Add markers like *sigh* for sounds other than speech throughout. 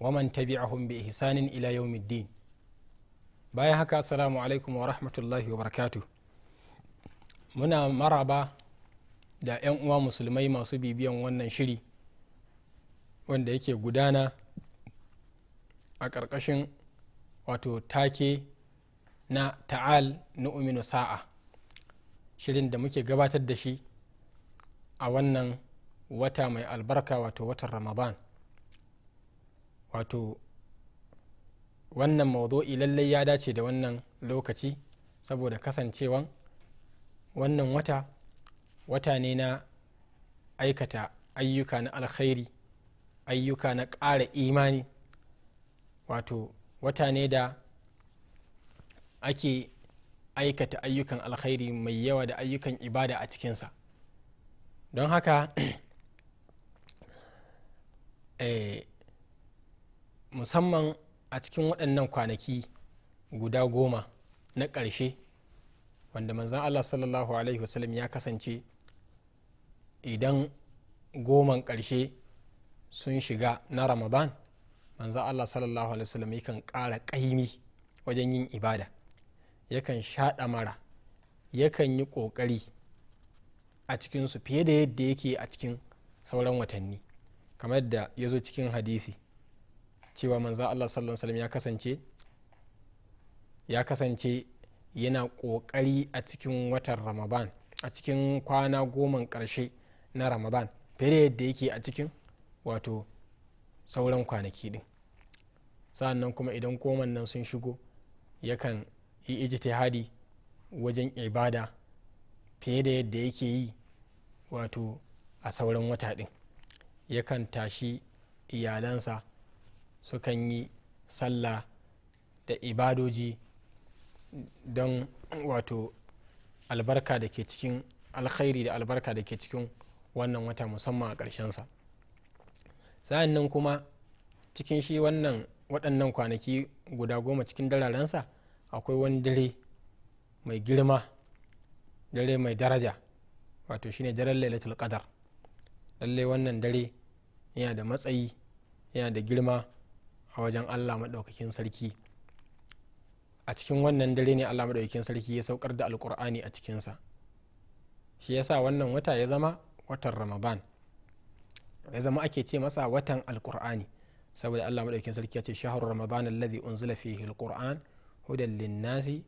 waman tabi'ahum bi ihsanin ila yawmiddin bayan haka assalamu alaikum wa rahmatullahi wa barakatuh muna maraba da 'yan uwa musulmai masu bibiyan wannan shiri wanda yake gudana a ƙarƙashin wato take na ta'al na uminu sa'a shirin da muke gabatar da shi a wannan wata mai albarka wato watan ramadan wato wannan mawdu'i lallai ya dace da wannan lokaci saboda kasancewan wannan wata wata ne na aikata ayyuka na alkhairi ayyuka na ƙara imani wato wata ne da ake aikata ayyukan alkhairi mai yawa da ayyukan ibada a cikinsa don haka *clears throat* eh, musamman a cikin waɗannan kwanaki guda goma na ƙarshe wanda manzan allah sallallahu alaihi wasallam ya kasance idan goman ƙarshe sun shiga na ramadan manzan allah sallallahu alaihi wasallam yakan ƙara ƙaimi wajen yin ibada yakan shaɗa mara yakan yi ƙoƙari a cikinsu fiye da yadda yake a cikin sauran watanni kamar da ya zo cikin hadisi cewa manza allah sallallahu alaihi ya kasance ya kasance yana kokari a cikin watan ramadan a cikin kwana goman karshe na ramadan fere yadda yake a cikin wato sauran kwanaki din sa'annan kuma idan koman nan sun shigo yakan yi ijtihadi wajen ibada fiye da yadda yake yi wato a sauran wata din yakan tashi iyalansa sukan yi sallah da ibadoji don wato albarka da ke cikin alkhairi da albarka da ke cikin wannan wata musamman a ƙarshensa sa'an nan kuma cikin shi wannan waɗannan kwanaki guda goma cikin dararensa akwai wani dare mai girma dare mai daraja wato shine daren lailatul qadar lallai wannan dare yana da matsayi yana da girma a wajen allah maɗaukakin sarki a cikin wannan dare ne allah maɗaukakin sarki ya saukar da alkur'ani a cikinsa shi yasa wannan wata ya zama watan ramadan ya zama ake ce masa watan alkur'ani saboda allah maɗaukakin sarki ya ce shahar ramadan alladhi unzila fihi alkur'an hudan linnasi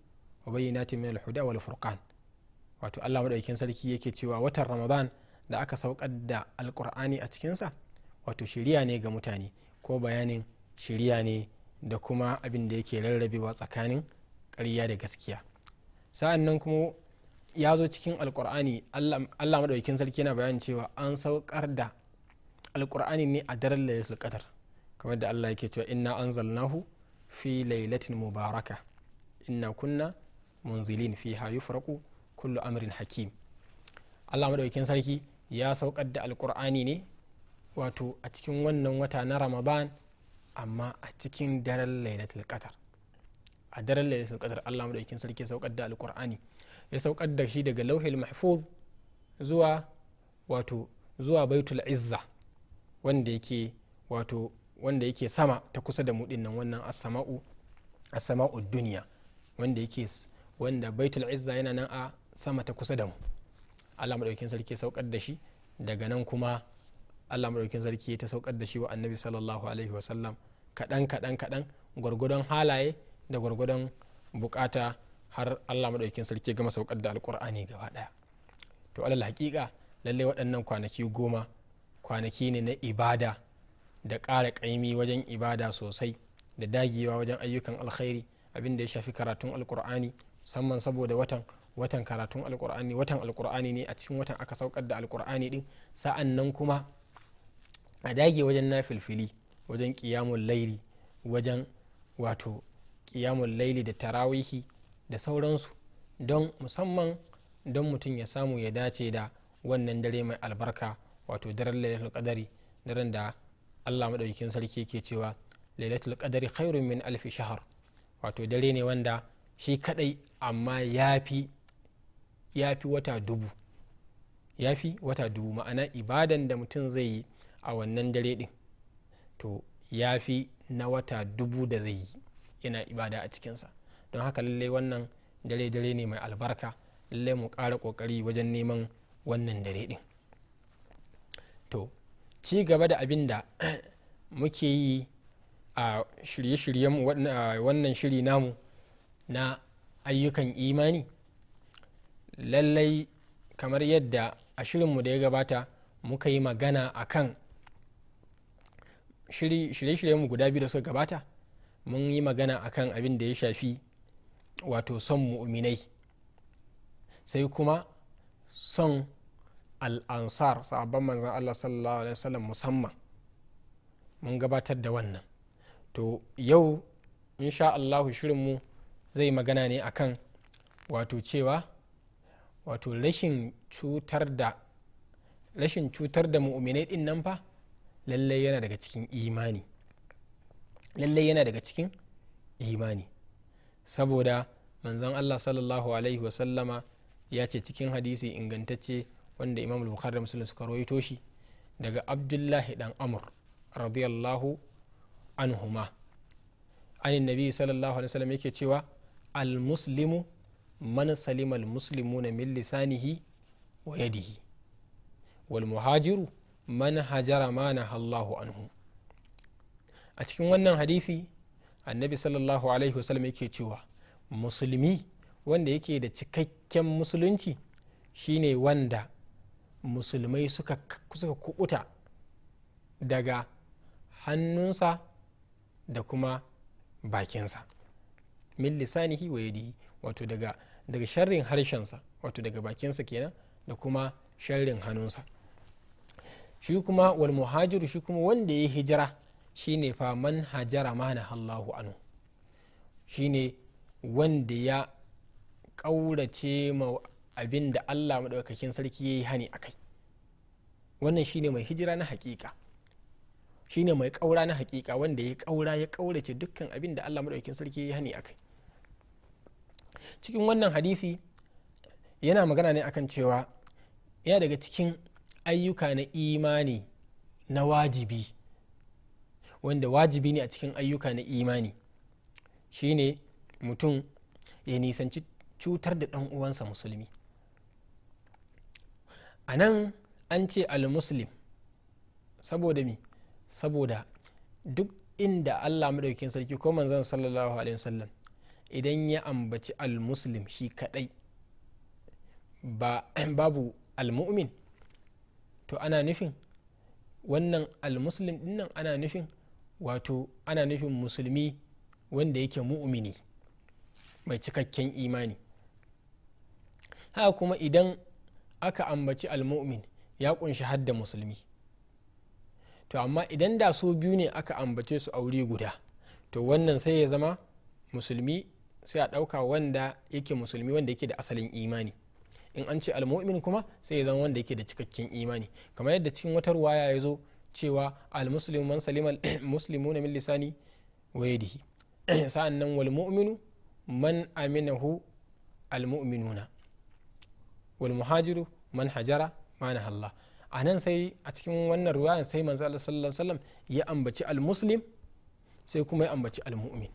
wa bayyinatin min alhuda wal furqan wato allah maɗaukakin sarki yake cewa watan ramadan da aka saukar da alkur'ani a cikinsa wato shiriya ne ga mutane ko bayanin shirya ne da kuma abin da yake rarrabewa tsakanin ƙarya da gaskiya sa'an nan kuma ya zo cikin alkur'ani allah maɗaukin sarki yana bayan cewa an saukar da Alƙur'ani ne a daren lailatul qadar kamar da allah yake cewa inna anzalnahu fi lailatin mubaraka inna kunna munzilin fiha yufraqu kullu amrin hakim allah maɗaukin sarki ya saukar da alkur'ani ne wato a cikin wannan wata na ramadan amma a cikin daren lailatul qadar a daren lailatul qadar Allah madaukakin sarki ya saukar da alqur'ani ya saukar da shi daga lauhil mahfuz zuwa wato zuwa baitul izza wanda yake wato wanda yake sama ta kusa da mudin nan wannan as-sama'u as-sama'u dunya wanda yake wanda baitul izza yana nan a sama ta kusa da mu Allah madaukakin sarki ya saukar da shi daga nan kuma allah maɗaukin sarki ta saukar da shi wa annabi sallallahu alaihi wasallam kaɗan kaɗan kaɗan gwargwadon halaye da gwargwadon bukata har allah maɗaukin sarki gama saukar da alkur'ani gaba ɗaya to alal haƙiƙa lallai waɗannan kwanaki goma kwanaki ne na ibada da ƙara ƙaimi wajen ibada sosai da dagewa wajen ayyukan alkhairi abin da ya shafi karatun alkur'ani musamman saboda watan watan karatun alkur'ani watan alkur'ani ne a cikin watan aka saukar da alkur'ani din sa'an nan kuma a dage wajen na filfili wajen kiyamun laili wajen wato kiyamun laili da tarawihi da sauransu don musamman don mutum ya samu ya dace da wannan dare mai albarka wato daren lailatul qadari daren da Allah maɗaukin sarki ke cewa lailatul qadari khairun min alfi shahar wato dare ne wanda shi kadai amma ya fi wata dubu ma'ana ibadan da mutum zai yi a wannan dare ɗin to ya fi na wata dubu da zai yi yana ibada a cikinsa don haka lallai wannan dare dare ne mai albarka lallai mu ƙara ƙoƙari wajen neman wannan dare ɗin to ci gaba da abin da *clears throat* muke yi a shirye-shiryen wannan shiri namu na ayyukan imani lallai kamar yadda a shirinmu da ya gabata muka yi magana a kan shirye-shirye mu guda biyu da suka gabata mun yi magana akan abin da ya shafi wato son mu'minai sai kuma son al'ansar sahabban manzan allah sallallahu alaihi wasallam musamman mun gabatar da wannan to yau insha allahu shirinmu zai magana ne akan wato cewa wato rashin cutar da rashin cutar da mu'minai din nan fa lallai yana daga cikin imani lallai yana daga cikin imani saboda manzon allah sallallahu alaihi wasallama ya ce cikin hadisi ingantacce wanda imam bukhari da muslim suka rawaito shi daga abdullahi dan amur radiyallahu anhuma anin nabi sallallahu alaihi wasallam yake cewa almuslimu man salima almuslimuna min lisanihi wa yadihi wal muhajiru man hajara ma na hallahu anhu a cikin wannan hadithi annabi sallallahu alaihi wasallam yake cewa musulmi wanda yake da cikakken musulunci shine wanda musulmai suka, suka kubuta daga hannunsa da kuma bakinsa min lisanihi wa yadihi wato daga daga sharrin harshensa wato daga bakinsa kenan da kuma sharrin hannunsa shi kuma wal muhajiru shi kuma wanda ya hijira shine fa man hajara mana Allahu shi shine wanda ya ƙaurace ma abin da Allah maɗaukakin sarki ya yi hani a kai wannan shine mai hijira na hakika shine mai ƙaura na hakika wanda ya ƙaura ya ƙaurace dukkan abin da Allah maɗaukakin sarki ya yi hani a kai cikin wannan hadisi yana magana ne akan cewa ya daga cikin ayyuka na imani na wajibi wanda wajibi ne a cikin ayyuka na imani shine mutum ya nisanci cutar da ɗan uwansa musulmi a nan an ce al-muslim saboda mi saboda duk inda allah maɗaukin sarki ko manzan sallallahu alaihi wasallam idan ya ambaci al-muslim shi kaɗai *clears throat* babu al-mu'min to ana nufin wannan almuslim dinnan ana nufin wato ana nufin musulmi wanda yake mu'mini mai cikakken imani haka kuma idan aka ambaci almu'min ya kunshi hadda musulmi to amma idan da su biyu ne aka ambace su aure guda to wannan sai ya zama musulmi sai a ɗauka wanda yake musulmi wanda yake da asalin imani in an ce almu'min kuma sai ya zama wanda yake da cikakken imani kamar yadda cikin wata ruwaya ya zo cewa almuslimu man salimal *coughs* na min lisani wa yadihi *coughs* sa'an nan wal mu'minu man aminahu almu'minuna wal muhajiru man hajara mana Allah a nan sai a cikin wannan ruwayan sai manzo Allah sallallahu alaihi wasallam ya ambaci almuslim sai kuma ya ambaci almu'min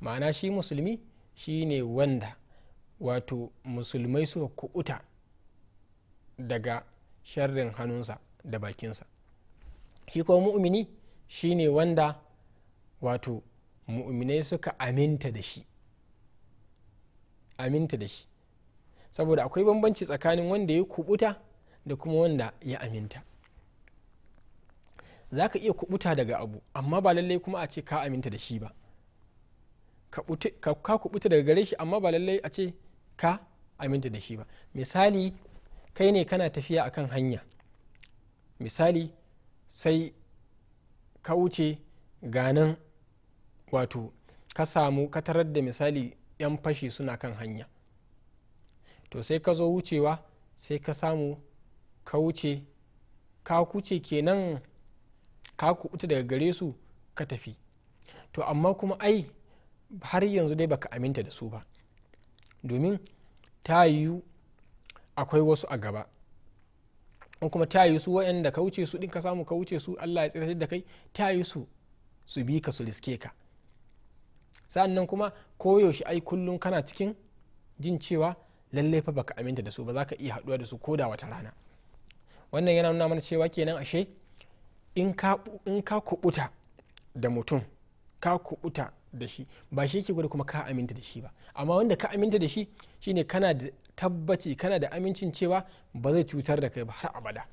ma'ana shi musulmi shine wanda wato musulmai suka kubuta daga sharrin hannunsa da bakinsa shi kuma mu'mini ne wanda wato mu'minai suka aminta da shi aminta da shi saboda akwai bambanci tsakanin wanda ya kubuta da kuma wanda ya aminta za ka iya kubuta daga abu amma ba lallai kuma a ce ka aminta da shi ba ka kubuta daga gare shi amma ba lallai a ce ka aminta da shi ba misali kai ne kana tafiya a kan hanya misali sai ka wuce ganin wato ka samu ka tarar da misali 'yan fashi suna kan hanya to sai ka zo wucewa sai ka samu ka wuce ka kuce kenan ka kuɓuta daga gare su ka tafi to amma kuma ai har yanzu dai baka aminta da su ba domin ta yiwu akwai wasu a gaba in kuma ta yi su waɗanda ka wuce su ɗin ka samu ka wuce su allah ya tsiratar da kai ta yi su su bi ka su riske ka sannan kuma koyaushe ai kullum kana cikin jin cewa lallai fa baka aminta da su ba za ka iya haɗuwa da su ko da wata rana wannan yana nuna mana cewa kenan ashe in ka kubuta da mutum ka kuɓuta. da shi ba shi yake gwada kuma ka aminta da shi ba amma wanda ka aminta da shi shine kana da tabbaci kana da amincin cewa ba zai cutar da kai ba har abada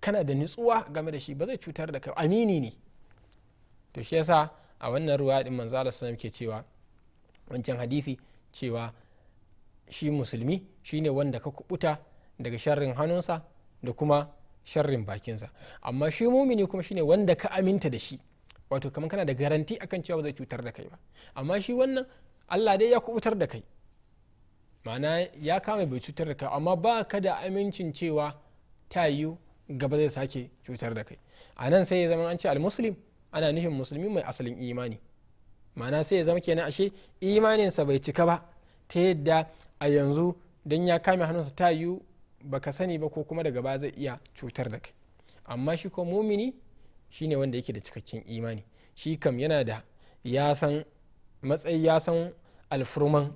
kana da nutsuwa game da shi ba zai cutar da kai amini ne to shi yasa a wannan ruwa din manzo Allah sallallahu ke cewa wancan hadisi cewa shi musulmi shine wanda ka kubuta daga sharrin hannunsa da kuma sharrin bakinsa amma shi mumini kuma shine wanda ka aminta da shi wato kamar kana da garanti akan cewa zai cutar da kai ba amma shi wannan allah dai ya kubutar da kai ma'ana ya kama bai cutar da kai amma ba ka da amincin cewa ta yiwu gaba zai sake cutar da kai a nan sai ya zama an ce almuslim ana nufin musulmi mai asalin imani ma'ana sai ya zama kenan ashe imaninsa bai cika ba ta yadda a yanzu don ya kame hannunsa ta yiwu baka sani ba ko kuma daga gaba zai iya cutar da kai amma shi ko mumini Shi ne wanda yake da cikakken imani shi kam yana da yasan matsayi yasan alfurman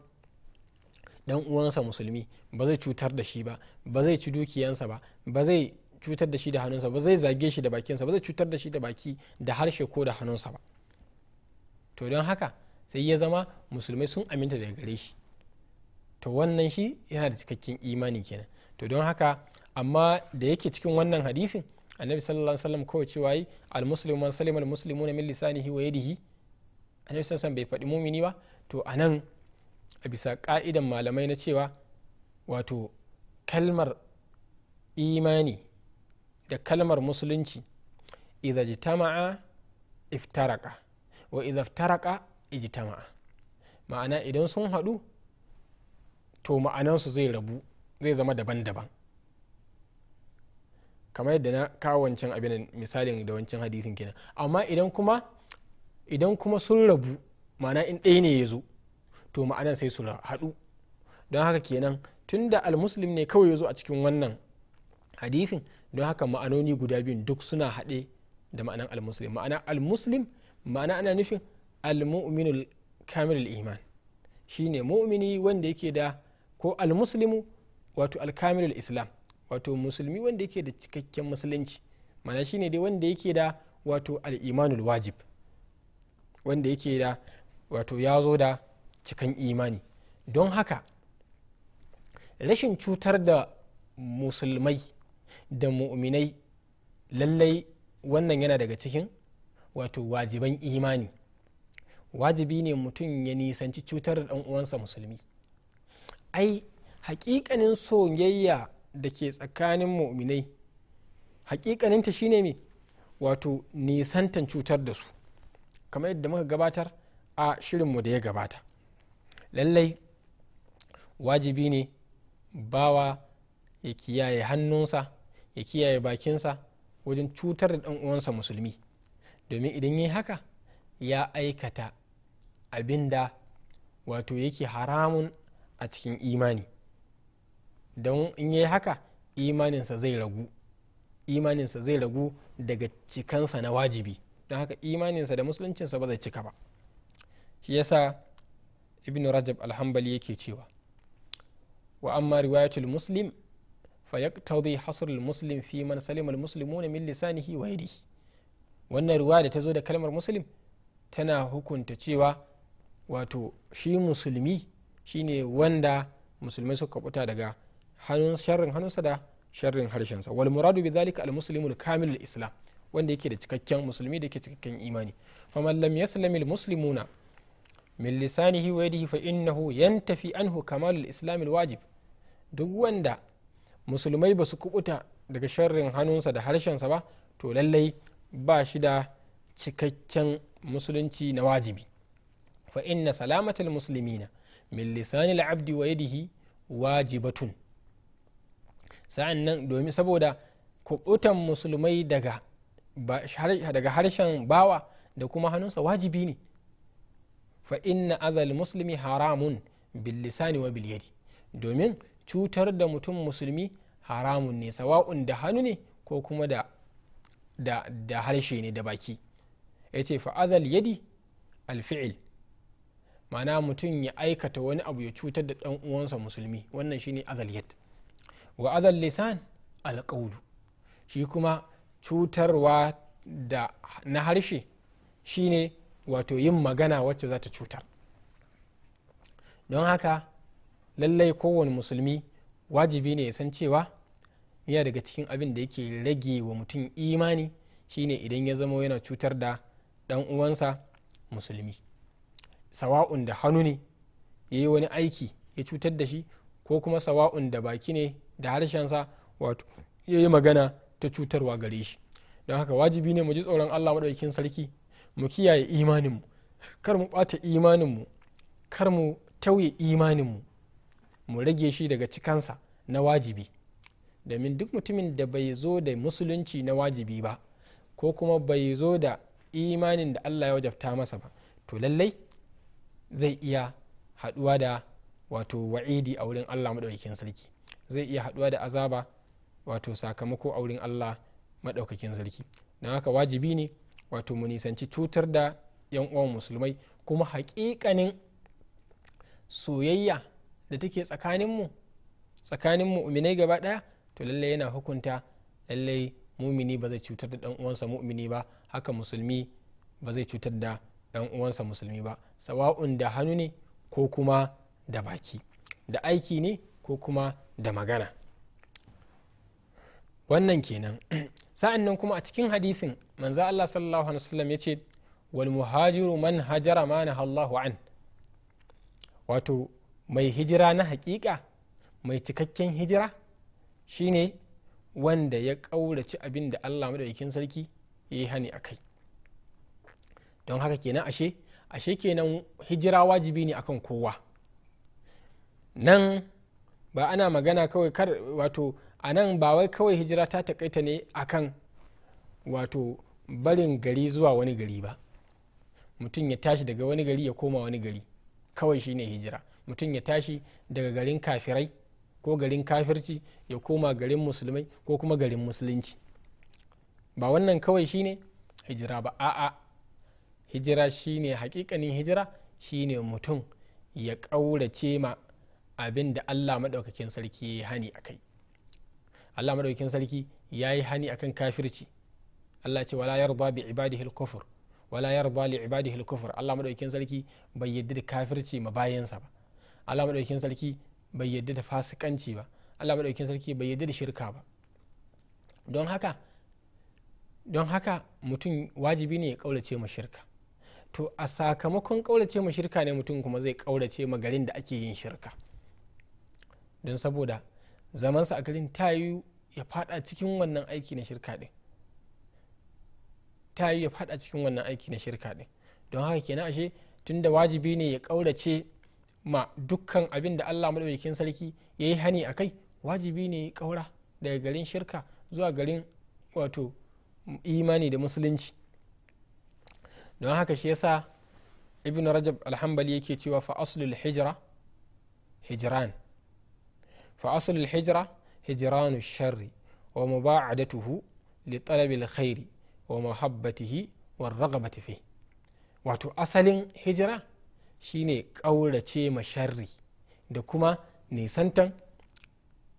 dan uwansa musulmi ba zai cutar da shi ba ba zai ci dukiyansa ba ba zai cutar da shi da hannunsa ba zai zage shi da bakinsa ba zai cutar da shi da baki da harshe ko da hannunsa ba to don haka sai ya zama musulmai sun aminta daga gare shi to wannan shi yana da cikakken imani kenan to don haka amma da yake cikin wannan hadisin annabi sallallahu alaihi wasallam kawai cewa yi almuslimu man salima na min lisanihi wa yadihi annabi sallallahu bai faɗi mumini ba to a nan a bisa ka'idan malamai na cewa wato kalmar imani da kalmar musulunci idza jitama'a iftaraka wa idza iftaraka ijtama'a ma'ana idan sun haɗu to ma'anansu zai rabu zai zama daban-daban kamar yadda na kawo wancan abin misalin da wancan hadithin kenan amma idan kuma idan kuma sun rabu ma'ana in ɗaya ne ya zo to ma'anan sai su haɗu don haka kenan tun tunda almuslim ne kawai ya zo a cikin wannan hadithin don haka ma'anoni guda biyun duk suna haɗe da ma'anan almuslim ma'ana almuslim ma'ana ana nufin almu'minul kamilul iman shine mu'mini wanda yake da ko almuslimu wato alkamilul islam wato musulmi wanda yake da cikakken musulunci mana shine dai wanda yake da wato al'imanul wajib wanda yake da wato ya zo da cikan imani don haka rashin cutar da musulmai da mu'minai lallai wannan yana daga cikin wato wajiban imani wajibi ne mutum ya nisanci cutar da uwansa musulmi ai hakikanin soyayya da ke tsakanin mu'minai hakikaninta shine ne wato nisantan cutar da su kamar yadda muka gabatar a shirinmu da ya gabata lallai wajibi ne bawa ya kiyaye hannunsa ya kiyaye bakinsa wajen cutar da uwansa musulmi domin idan yi haka ya aikata abinda wato yake haramun a cikin imani don in yi haka imaninsa zai ragu imaninsa zai ragu daga cikansa na wajibi don haka imaninsa da musuluncinsa ba zai cika ba shi yasa ibn rajab alhambali yake cewa wa amma riwayatul muslim fa yaqtadi hasr al muslim fi man salima al muslimuna min lisanihi wa yadihi wannan riwaya da ta zo da kalmar muslim tana hukunta cewa wato shi musulmi shine wanda musulmai suka fita daga hannun sharrin hannunsa da sharrin harshensa wal muradu bi dhalika al muslimu al kamil al islam wanda yake da cikakken musulmi da yake cikakken imani faman lam yaslam al muslimuna min lisanihi wa yadihi fa innahu yantafi anhu kamal al islam al wajib duk wanda musulmai ba su kubuta daga sharrin hannunsa da harshensa ba to lallai ba shi da cikakken musulunci na wajibi fa inna salamatal muslimina min lisanil abdi wa yadihi wajibatun sa'an nan domin saboda kubutan musulmai daga harshen bawa da kuma hannunsa wajibi ne fa inna azal muslimi haramun bil wa bil yadi domin cutar da mutum musulmi haramun ne sawa'un da hannu ne ko kuma da da, harshe ne da baki ya ce fa'azal yadi alfi'il ma'ana mutum ya aikata wani abu ya cutar da ɗan'uwansa uwansa musulmi wannan shine azal yad wa azal lisan alƙaulu shi kuma cutarwa da na harshe shine wato yin magana wacce za ta cutar don haka lallai kowane musulmi wajibi ne ya san cewa yana daga cikin abin da yake rage wa mutum imani shine idan ya zama yana cutar da dan uwansa musulmi sawa'un da hannu ne ya yi wani aiki ya cutar da shi ko kuma sawa'un da baki ne da harshensa wato ya yi magana ta cutarwa gare shi don haka wajibi ne mu ji tsoron allah maɗaukin sarki mu kiyaye imaninmu kar mu ɓata imaninmu kar mu tauye imaninmu mu rage shi daga cikansa na wajibi domin duk mutumin da bai zo da musulunci na wajibi ba ko kuma bai zo da imanin da allah ya wajabta masa ba to lallai zai iya haɗuwa da wato wa'idi a wurin allah maɗaukin sarki zai iya haduwa da azaba wato sakamako a wurin allah maɗaukakin zarki. don haka wajibi ne wato mu nisanci cutar da yan uwan musulmai kuma haƙiƙanin soyayya da take tsakaninmu tsakanin mu'minai gaba ɗaya to lallai yana hukunta lallai mumini ba zai cutar da ɗan uwansa mu'mini ba haka musulmi ba zai cutar da ɗan uwansa musulmi ba sawa'un da hannu ne ko kuma da baki da aiki ne ko kuma da magana wannan kenan *clears throat* sa'an nan kuma a cikin hadithin manzo Allah sallallahu alaihi wasallam ya ce wal muhajiru man hajara ma na Allahu an wato mai hijira na hakika mai cikakken hijira shine wanda ya kaurace abin da Allah madaukakin sarki ya yi hani akai don haka kenan ashe ashe kenan hijira wajibi ne akan kowa nan ba ana magana kawai kar wato a nan ba wai kawai hijira ta takaita ne akan wato barin gari zuwa wani gari ba mutum ya tashi daga wani gari ya koma wani gari kawai shine hijira mutum ya tashi daga garin kafirai ko garin kafirci ya koma garin musulmai ko kuma garin musulunci ba wannan kawai shine hijira ba a'a hijira shine hakikanin hijira shine mutum ya ƙaurace ma abin da allah maɗaukakin sarki ya yi hani a kai allah maɗaukakin sarki ya yi hani kan kafirci allah ce wala yarda bi ibadihi al wala yarda li ibadihi al allah maɗaukakin sarki bai yadda da kafirci ma bayansa ba allah maɗaukakin sarki bai yadda da fasikanci ba allah maɗaukakin sarki bai yadda da shirka ba don haka don haka mutum wajibi ne ya kaulace ma shirka to a sakamakon kaulace ma shirka ne mutum kuma zai kaulace ma garin da ake yin shirka don saboda zamansa a garin ta yi ya fada cikin wannan aiki na shirka din ta yi ya fada cikin wannan aiki na shirka din don haka kenan ashe tunda wajibi ne ya kaurace ma dukkan abin da Allah madaukakin sarki ya yi hani a kai wajibi ne ya kaura daga garin shirka zuwa garin wato imani da musulunci don haka shi yasa ibn rajab alhambali yake cewa fa aslul hijra hijran fa asulul hijira hijiranu sharri wa muba'adatuhu li talabil khairi wa mahabbatihi wa ragabati fi wato asalin hijira shine ƙaurace ma sharri da kuma nisantan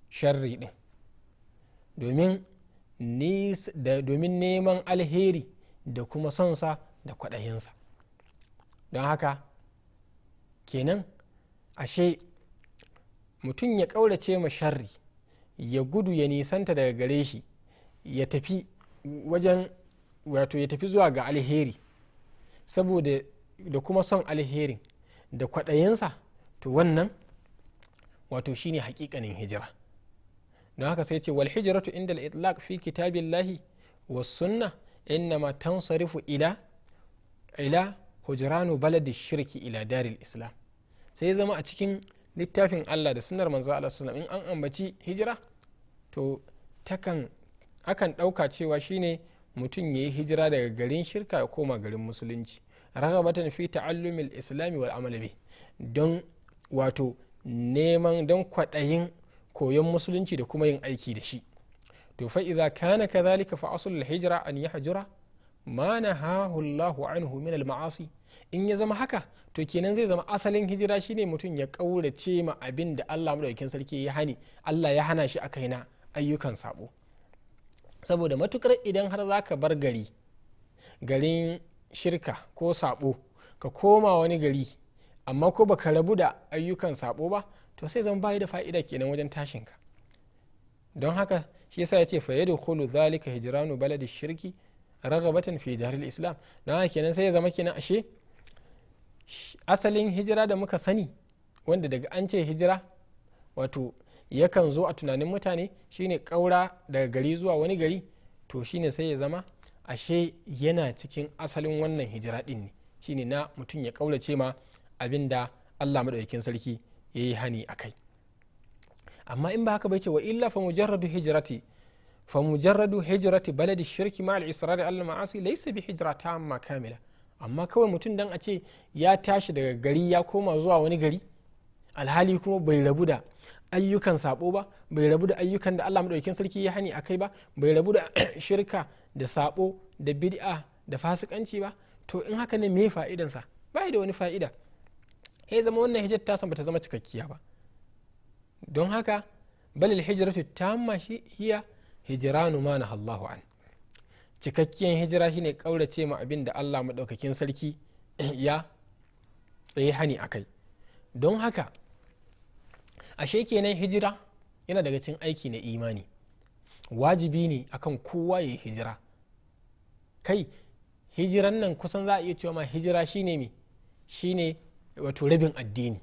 sharri din domin domin neman alheri da kuma sonsa da kwaɗayinsa don haka kenan ashe mutum ya ƙaurace ma sharri ya gudu ya nisanta daga gare shi ya tafi wajen wato ya tafi zuwa ga alheri saboda da kuma son alherin da kwaɗayinsa to wannan wato shine hakikanin hijira don haka sai ce wal hijratu inda al-itlaq fi kitabillahi wa sunna innama sarifu ila ila hujranu baladi shirki ila daril islam sai zama a cikin littafin allah da sunar manzo allah sallam in an ambaci hijira to takan akan ɗauka cewa shine mutum ya yi hijira daga garin shirka ya koma garin musulunci ragabatan fi ta'allumil islami wal amalabi don wato neman don kwaɗayin koyon musulunci da kuma yin aiki da shi to fa idza kana kadhalika fa asul hijra an yahjura ma nahahu Allahu anhu min al ma'asi in ya zama haka to kenan zai zama asalin hijira shine mutum ya kaurace ma abin da allah madaukakin sarki ya hani allah ya hana shi a na ayyukan sabo saboda matukar idan har zaka bar gari garin shirka ko sabo ka koma wani gari amma ko baka rabu da ayyukan sabo ba to sai zan bayi da fa'ida kenan wajen tashin ka don haka shi yasa ya ce fa yadda kulu zalika hijranu baladi shirki ragabatan fi daril islam don haka kenan sai ya zama kenan ashe asalin hijira da muka sani wanda daga an ce hijira wato yakan zo a tunanin mutane shine kaura daga gari zuwa wani gari to shine sai ya zama ashe yana cikin asalin wannan hijira din ne shine na mutum ya ce ma abin da allah maɗaukakin sarki ya yi hani a kai amma in ba haka bai ce wa illa fa mujarradu hijrati fa mujarradu hijrati baladi shirki ma al-israr al-ma'asi laysa bi hijira amma kamila amma kawai mutum dan a ce ya tashi daga gari ya koma zuwa wani gari alhali kuma bai rabu da ayyukan sabo ba bai rabu da ayyukan da allah maɗaukin sarki ya hani a kai ba bai rabu da *clears throat* shirka da sabo da bid'a da fasikanci ba to in haka ne me fa'idansa ba da wani fa'ida ya zama wannan hijar ta bata zama cikakkiya ba don haka balil hijratu tamma hiya hijranu ma nahallahu an cikakkiyar hijira shine kaurace ma abin da allah maɗaukakin sarki *clears throat* ya tsaye hani a kai don haka ashe kenan hijira yana daga cikin aiki na imani wajibi ne akan kowa ya hijira kai hijiran nan kusan za a iya cewa ma hijira shine mi shine wato rabin addini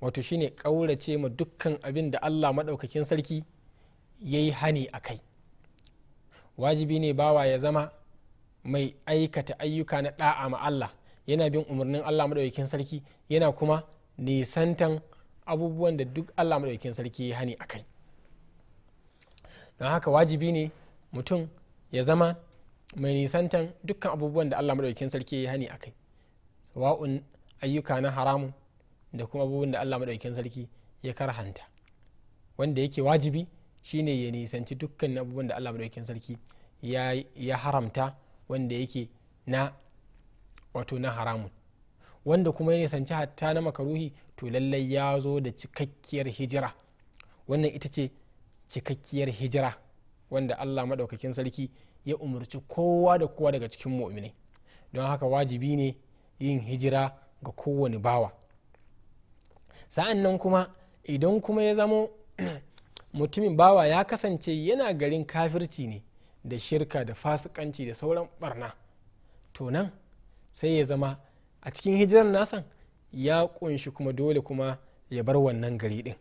wato shine kaurace ma dukkan abin da allah maɗaukakin sarki ya yi hani a kai wajibi ne bawa ya zama mai aikata ayyuka na da'a ma Allah yana bin umarnin Allah madaukakin sarki yana kuma nisantan abubuwan da duk Allah madaukakin sarki ya hani akai don haka wajibi ne mutum ya zama mai nisantan dukkan abubuwan da Allah madaukakin sarki ya hani akai sawa'un ayyuka na haramun da kuma abubuwan da Allah madaukakin sarki ya karhanta wanda yake wajibi shine ya nisanci dukkan abubuwan da allah madaukakin sarki ya haramta wanda yake na wato na haramun wanda kuma ya nisanci hatta na makaruhi to lallai ya zo da cikakkiyar hijira wannan ita ce cikakkiyar hijira wanda allah maɗaukakin sarki ya umarci kowa da kowa daga cikin mu'minai don haka wajibi ne yin hijira ga kowane bawa sa'an nan kuma idan kuma ya zamo mutumin bawa ya kasance yana garin kafirci ne da shirka da fasikanci da sauran barna to nan sai ya zama a cikin hijirar nasan ya kunshi kuma dole kuma ya bar wannan gari din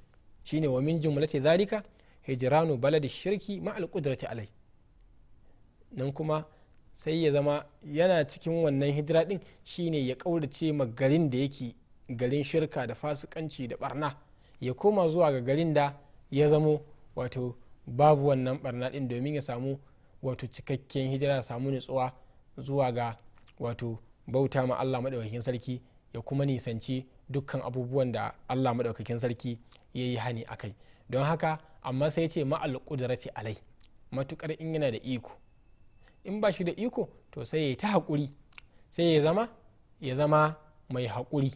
shine wa min jumlati zalika hijranu baladi shirki ma alqudrati alai nan kuma sai ya zama yana cikin wannan hijira din shine ya kaurace ma garin da yake garin shirka da fasikanci da barna ya koma zuwa ga garin da ya zamo wato babu wannan barna din domin ya samu wato cikakken hijira ya samu nutsuwa zuwa ga wato bauta ma allah maɗaukakin sarki ya kuma nisanci dukkan abubuwan da allah maɗaukakin sarki ya yi hani a kai don haka amma sai ce ma'al ƙudurati alai matukar in yana da iko in ba shi da iko to sai ya ta haƙuri sai ya zama ya zama mai haƙuri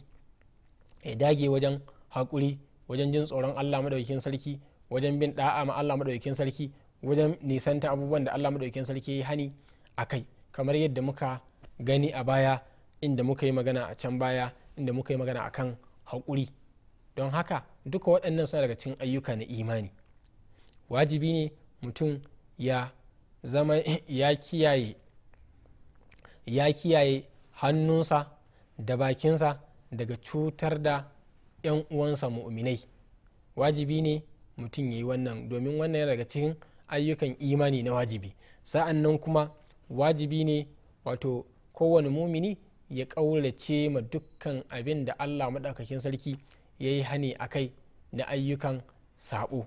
ya dage wajen haƙuri wajen jin tsoron Allah madaukakin sarki wajen bin da'a ma Allah madaukakin sarki wajen nisanta abubuwan da Allah madaukakin sarki ya hani a kai kamar yadda muka gani a baya inda muka yi magana a can baya inda muka yi magana akan haƙuri don haka duka waɗannan suna daga cikin ayyuka na imani wajibi ne mutum ya zama *laughs* ya kiyaye ya kiyaye hannunsa da bakinsa daga cutar da 'yan uwansa mu'minai wajibi ne mutum ya yi wannan domin wannan yana daga cikin ayyukan imani na wajibi sa'an nan kuma wajibi ne wato kowane mumini ya ƙaurace ma dukkan abin da allah maɗaukakin sarki ya yi hani a kai na ayyukan saɓo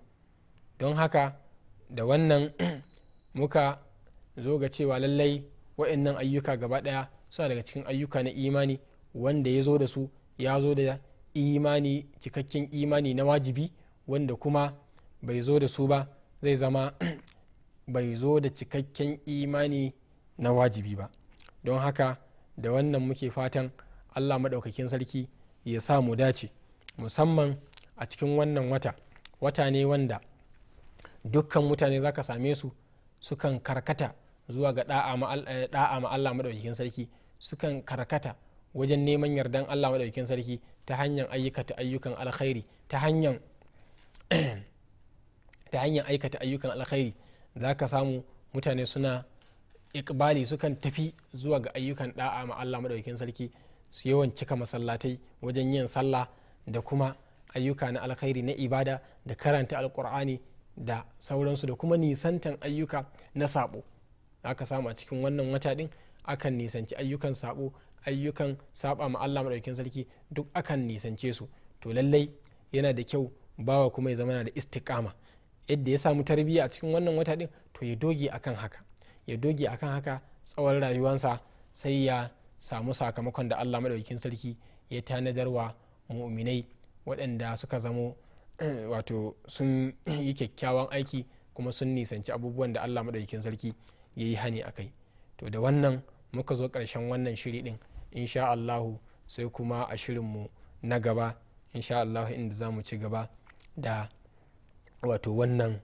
don haka da wannan *clears throat* muka zo ga cewa lallai wa'annan ayyuka gaba ɗaya suna daga cikin ayyuka na imani wanda ya zo da su ya zo da imani cikakken imani na wajibi wanda kuma bai zo da su ba zai zama *clears throat* bai zo da cikakken imani na wajibi ba don haka da wannan muke fatan allah maɗaukakin sarki ya sa mu dace musamman a cikin wannan wata wata ne wanda dukkan mutane za ka same su sukan karkata zuwa ga da'a eh, ma allah maɗaukakin sarki sukan karkata wajen neman yardan allah maɗaukin sarki ta hanyar ayyukan alkhairi ta hanyar *clears throat* ta hanyar aikata ayyukan alkhairi za ka samu mutane suna ikbali sukan tafi zuwa ga ayyukan da'a ma allah maɗaukin sarki su yawan cika masallatai wajen yin sallah da kuma ayyuka na alkhairi na ibada da karanta alkur'ani da sauransu da kuma nisantan ayyuka na sabo aka samu a cikin wannan wata din akan nisanci ayyukan sabo ayyukan saba ma Allah madaukakin sarki duk akan nisance su to lallai yana da kyau bawa kuma ya zama da istiqama yadda ya samu tarbiyya a cikin wannan wata din to ya doge akan haka ya doge akan haka tsawon rayuwarsa sai ya samu sakamakon da Allah madaukakin sarki ya tanadarwa mu'minai waɗanda suka zamo *clears throat* wato sun *clears throat* yi kyakkyawan aiki kuma sun nisanci abubuwan da Allah madaukakin sarki ya yi hani a kai to da wannan muka zo ƙarshen wannan shiri din insha allahu sai kuma a shirinmu na gaba insha allahu inda za mu ci gaba da wato wannan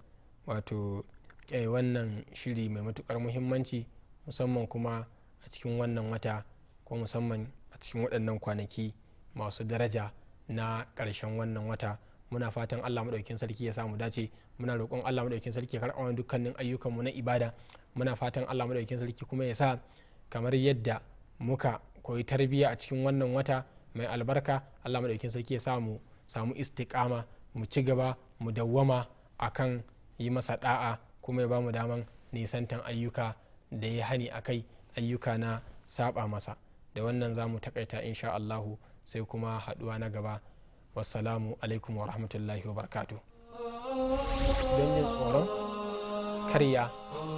wato eh, wannan shiri mai matukar muhimmanci musamman kuma a cikin wannan wata ko musamman a cikin waɗannan kwanaki masu daraja na ƙarshen wannan wata muna fatan allah maɗaukin sarki ya samu dace muna roƙon allah maɗaukin sarki ya karɓa dukkanin ayyukanmu na ibada muna fatan allah maɗaukin sarki kuma ya sa kamar yadda muka koyi tarbiyya a cikin wannan wata mai albarka allah maɗaukin sarki ya samu samu istiƙama mu ci gaba mu dawwama akan yi masa ɗa'a kuma ya mu daman nisantan ayyuka da ya hani a kai ayyuka na saba masa da wannan za mu taƙaita insha allahu sai kuma haɗuwa na gaba wassalamu alaikum wa rahmatullahi wa barkatu don yin tsoron karya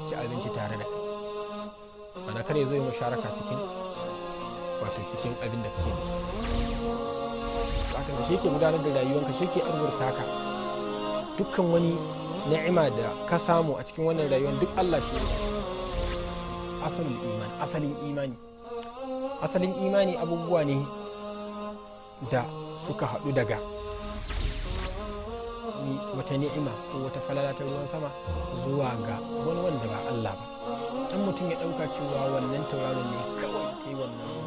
ci abinci tare da kai mana kar ya zo yi musharaka cikin wato cikin abin da kake wato shi ke gudanar da rayuwanka shi ke arzurta ka dukkan wani ni'ima da ka samu a cikin wannan rayuwar duk Allah shi ne asalin imani asalin imani asalin imani abubuwa ne da suka haɗu daga wata ni'ima ko wata falala ta ruwan sama zuwa ga wani wanda ba Allah ba dan mutum ya ɗauka cewa wannan tauraron ne kawai ke wannan